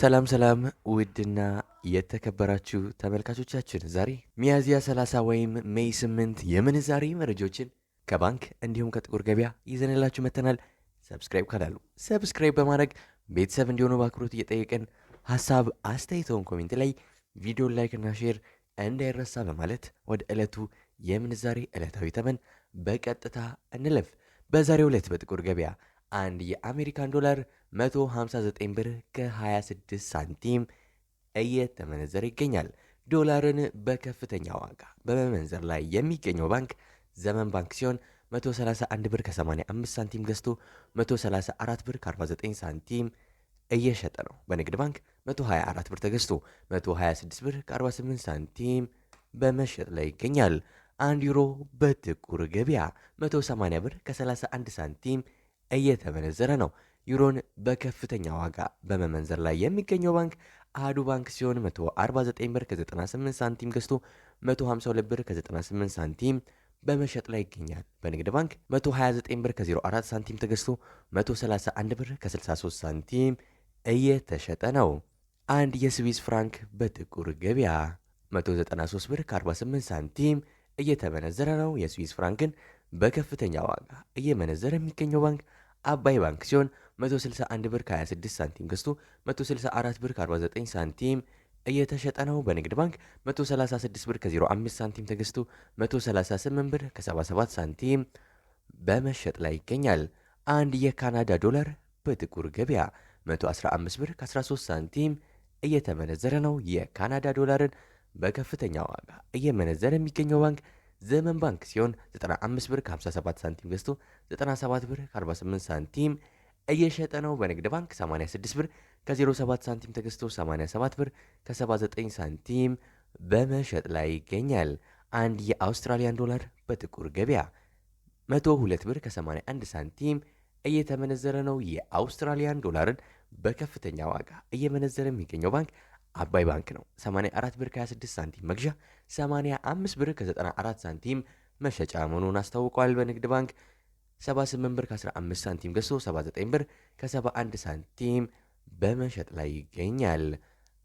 ሰላም ሰላም ውድና የተከበራችሁ ተመልካቾቻችን ዛሬ ሚያዝያ 30 ወይም ሜይ 8 የምንዛሬ መረጃዎችን ከባንክ እንዲሁም ከጥቁር ገበያ ይዘንላችሁ መተናል። ሰብስክራይብ ካላሉ ሰብስክራይብ በማድረግ ቤተሰብ እንዲሆኑ በአክብሮት እየጠየቅን ሀሳብ አስተያየተውን ኮሜንት ላይ ቪዲዮ ላይክና ሼር እንዳይረሳ በማለት ወደ ዕለቱ የምንዛሬ ዕለታዊ ተመን በቀጥታ እንለፍ። በዛሬው ዕለት በጥቁር ገበያ አንድ የአሜሪካን ዶላር 159 ብር ከ26 ሳንቲም እየተመነዘረ ይገኛል። ዶላርን በከፍተኛ ዋጋ በመመንዘር ላይ የሚገኘው ባንክ ዘመን ባንክ ሲሆን 131 ብር ከ85 ሳንቲም ገዝቶ 134 ብር ከ49 ሳንቲም እየሸጠ ነው። በንግድ ባንክ 124 ብር ተገዝቶ 126 ብር ከ48 ሳንቲም በመሸጥ ላይ ይገኛል። አንድ ዩሮ በጥቁር ገበያ 180 ብር ከ31 ሳንቲም እየተመነዘረ ነው። ዩሮን በከፍተኛ ዋጋ በመመንዘር ላይ የሚገኘው ባንክ አህዱ ባንክ ሲሆን 149 ብር ከ98 ሳንቲም ገዝቶ 152 ብር ከ98 ሳንቲም በመሸጥ ላይ ይገኛል። በንግድ ባንክ 129 ብር ከ04 ሳንቲም ተገዝቶ 131 ብር ከ63 ሳንቲም እየተሸጠ ነው። አንድ የስዊስ ፍራንክ በጥቁር ገበያ 193 ብር ከ48 ሳንቲም እየተመነዘረ ነው። የስዊስ ፍራንክን በከፍተኛ ዋጋ እየመነዘረ የሚገኘው ባንክ አባይ ባንክ ሲሆን 161 ብር ከ26 ሳንቲም ገዝቶ 164 ብር ከ49 ሳንቲም እየተሸጠ ነው። በንግድ ባንክ 136 ብር ከ05 ሳንቲም ተገዝቶ 138 ብር ከ77 ሳንቲም በመሸጥ ላይ ይገኛል። አንድ የካናዳ ዶላር በጥቁር ገበያ 115 ብር ከ13 ሳንቲም እየተመነዘረ ነው። የካናዳ ዶላርን በከፍተኛ ዋጋ እየመነዘረ የሚገኘው ባንክ ዘመን ባንክ ሲሆን 95 ብር ከ57 ሳንቲም ገዝቶ 97 ብር 48 ሳንቲም እየሸጠ ነው። በንግድ ባንክ 86 ብር ከ07 ሳንቲም ተገዝቶ 87 ብር ከ79 ሳንቲም በመሸጥ ላይ ይገኛል። አንድ የአውስትራሊያን ዶላር በጥቁር ገበያ 102 ብር ከ81 ሳንቲም እየተመነዘረ ነው። የአውስትራሊያን ዶላርን በከፍተኛ ዋጋ እየመነዘረ የሚገኘው ባንክ አባይ ባንክ ነው። 84 ብር ከ26 ሳንቲም መግዣ 85 ብር ከ94 ሳንቲም መሸጫ መሆኑን አስታውቋል። በንግድ ባንክ 78 ብር ከ15 ሳንቲም ገዝቶ 79 ብር ከ71 ሳንቲም በመሸጥ ላይ ይገኛል።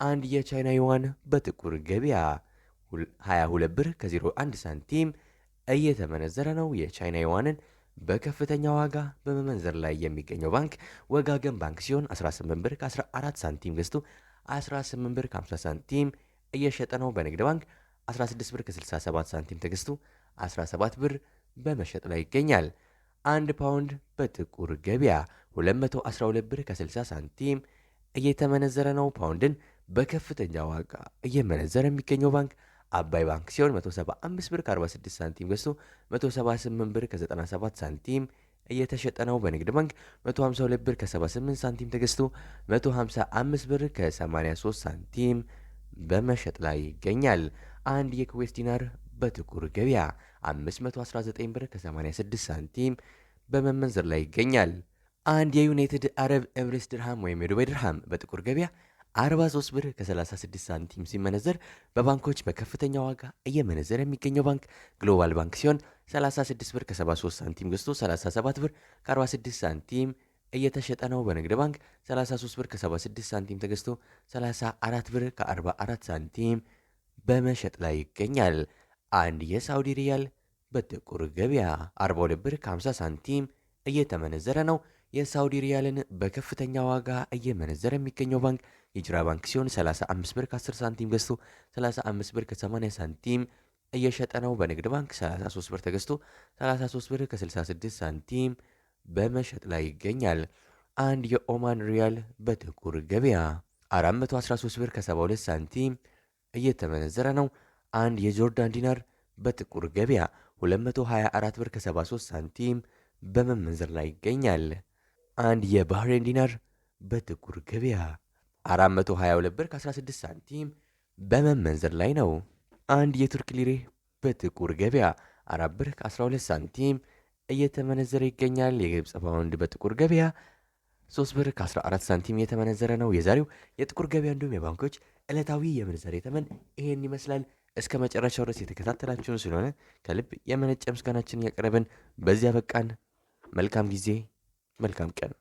አንድ የቻይና ዩዋን በጥቁር ገበያ 22 ብር ከ01 ሳንቲም እየተመነዘረ ነው። የቻይና ዩዋንን በከፍተኛ ዋጋ በመመንዘር ላይ የሚገኘው ባንክ ወጋገን ባንክ ሲሆን 18 ብር ከ14 ሳንቲም ገዝቶ 18 ብር 50 ሳንቲም እየሸጠ ነው። በንግድ ባንክ 16 ብር ከ67 ሳንቲም ተገዝቶ 17 ብር በመሸጥ ላይ ይገኛል። አንድ ፓውንድ በጥቁር ገበያ 212 ብር ከ60 ሳንቲም እየተመነዘረ ነው። ፓውንድን በከፍተኛ ዋጋ እየመነዘረ የሚገኘው ባንክ አባይ ባንክ ሲሆን 175 ብር ከ46 ሳንቲም ገዝቶ 178 ብር ከ97 ሳንቲም እየተሸጠ ነው። በንግድ ባንክ 152 ብር ከ78 ሳንቲም ተገዝቶ 155 ብር ከ83 ሳንቲም በመሸጥ ላይ ይገኛል። አንድ የኩዌት ዲናር በጥቁር ገበያ 519 ብር ከ86 ሳንቲም በመመንዘር ላይ ይገኛል። አንድ የዩናይትድ አረብ ኤምሬትስ ድርሃም ወይም የዱባይ ድርሃም በጥቁር ገበያ 43 ብር ከ36 ሳንቲም ሲመነዘር በባንኮች በከፍተኛ ዋጋ እየመነዘር የሚገኘው ባንክ ግሎባል ባንክ ሲሆን 36 ብር ከ73 ሳንቲም ገዝቶ 37 ብር ከ46 ሳንቲም እየተሸጠ ነው። በንግድ ባንክ 33 ብር ከ76 ሳንቲም ተገዝቶ 34 ብር ከ44 ሳንቲም በመሸጥ ላይ ይገኛል። አንድ የሳውዲ ሪያል በጥቁር ገበያ 42 ብር ከ50 ሳንቲም እየተመነዘረ ነው። የሳውዲ ሪያልን በከፍተኛ ዋጋ እየመነዘረ የሚገኘው ባንክ ሂጅራ ባንክ ሲሆን 35 ብር ከ10 ሳንቲም ገዝቶ 35 ብር ከ80 ሳንቲም እየሸጠ ነው። በንግድ ባንክ 33 ብር ተገዝቶ 33 ብር ከ66 ሳንቲም በመሸጥ ላይ ይገኛል። አንድ የኦማን ሪያል በጥቁር ገበያ 413 ብር ከ72 ሳንቲም እየተመነዘረ ነው። አንድ የጆርዳን ዲናር በጥቁር ገበያ 224 ብር ከ73 ሳንቲም በመመንዘር ላይ ይገኛል። አንድ የባህሬን ዲናር በጥቁር ገበያ 422 ብር ከ16 ሳንቲም በመመንዘር ላይ ነው። አንድ የቱርክ ሊሬ በጥቁር ገበያ 4 ብር ከ12 ሳንቲም እየተመነዘረ ይገኛል። የግብፅ ፓውንድ በጥቁር ገበያ 3 ብር ከ14 ሳንቲም እየተመነዘረ ነው። የዛሬው የጥቁር ገበያ እንዲሁም የባንኮች ዕለታዊ የምንዛሬ ተመን ይሄን ይመስላል። እስከ መጨረሻው ድረስ የተከታተላችሁን ስለሆነ ከልብ የመነጨ ምስጋናችን እያቀረብን በዚያ በቃን። መልካም ጊዜ፣ መልካም ቀን